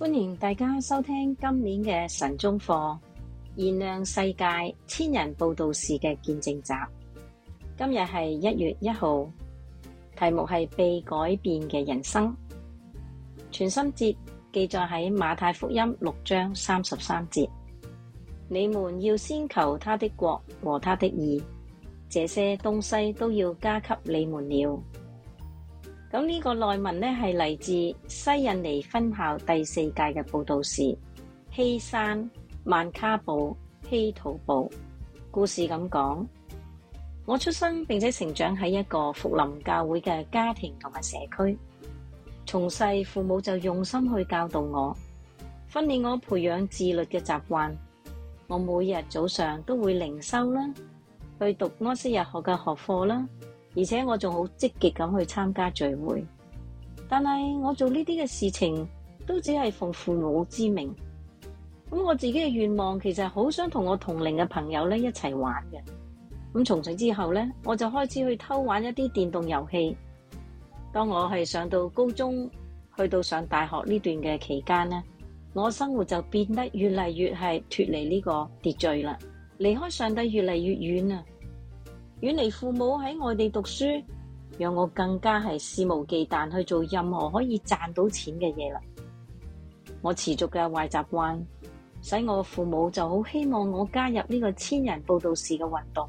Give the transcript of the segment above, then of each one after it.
歡迎大家收聽今年嘅晨鐘課，燃亮世界千人佈道士嘅見證集。今日係一月一號，題目係被改變嘅人生。存心節記載喺馬太福音六章三十三節，你們要先求他的國和他的義，這些東西都要加給你們了。咁呢個內文呢，係嚟自西印尼分校第四屆嘅佈道士希山曼卡布希圖布。故事咁講：我出生並且成長喺一個復臨教會嘅家庭同埋社區。從細父母就用心去教導我，訓練我培養自律嘅習慣。我每日早上都會靈修啦，去讀安息日學嘅學課啦。而且我仲好積極咁去參加聚會，但係我做呢啲嘅事情都只係奉父母之命。咁我自己嘅願望其實好想同我同齡嘅朋友咧一齊玩嘅。咁從此之後咧，我就開始去偷玩一啲電動遊戲。當我係上到高中，去到上大學呢段嘅期間咧，我生活就變得越嚟越係脫離呢個秩序啦，離開上帝越嚟越遠啊！遠離父母喺外地讀書，讓我更加係肆無忌憚去做任何可以賺到錢嘅嘢啦。我持續嘅壞習慣，使我父母就好希望我加入呢個千人佈道士嘅運動。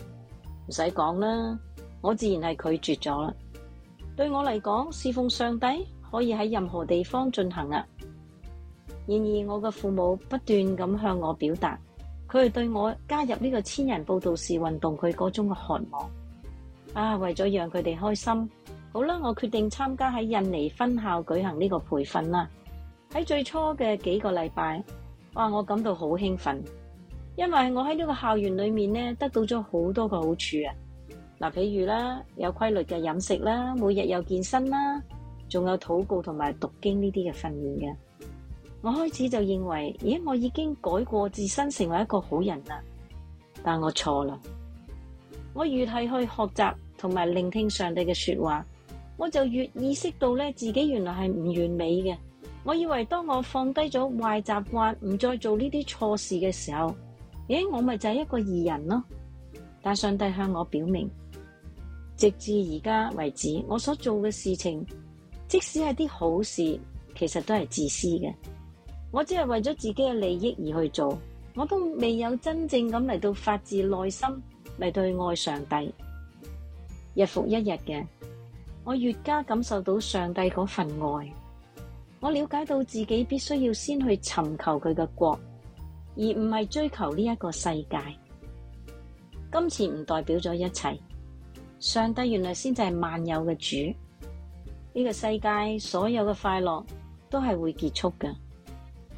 唔使講啦，我自然係拒絕咗啦。對我嚟講，侍奉上帝可以喺任何地方進行啊。然而，我嘅父母不斷咁向我表達。佢係對我加入呢個千人佈道士運動，佢嗰種嘅渴望，啊！為咗讓佢哋開心，好啦，我決定參加喺印尼分校舉行呢個培訓啦。喺最初嘅幾個禮拜，哇！我感到好興奮，因為我喺呢個校園裏面咧得到咗好多嘅好處啊。嗱、啊，譬如啦，有規律嘅飲食啦，每日有健身啦，仲有禱告同埋讀經呢啲嘅訓練嘅。我開始就認為，咦、哎，我已經改過自身，成為一個好人啦。但我錯啦。我越係去學習同埋聆聽上帝嘅說話，我就越意識到咧，自己原來係唔完美嘅。我以為當我放低咗壞習慣，唔再做呢啲錯事嘅時候，咦、哎，我咪就係一個義人咯。但上帝向我表明，直至而家為止，我所做嘅事情，即使係啲好事，其實都係自私嘅。我只係為咗自己嘅利益而去做，我都未有真正咁嚟到發自內心嚟去愛上帝。日復一日嘅我，越加感受到上帝嗰份愛。我了解到自己必須要先去尋求佢嘅國，而唔係追求呢一個世界。今次唔代表咗一切，上帝原來先至係萬有嘅主。呢個世界所有嘅快樂都係會結束嘅。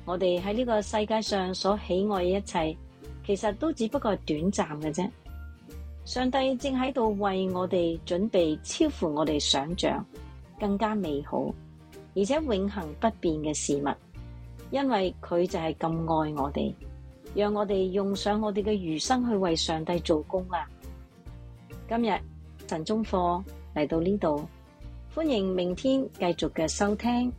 我哋喺呢個世界上所喜愛嘅一切，其實都只不過係短暫嘅啫。上帝正喺度為我哋準備超乎我哋想象更加美好，而且永恆不變嘅事物，因為佢就係咁愛我哋，讓我哋用上我哋嘅餘生去為上帝做工啦。今日晨鐘課嚟到呢度，歡迎明天繼續嘅收聽。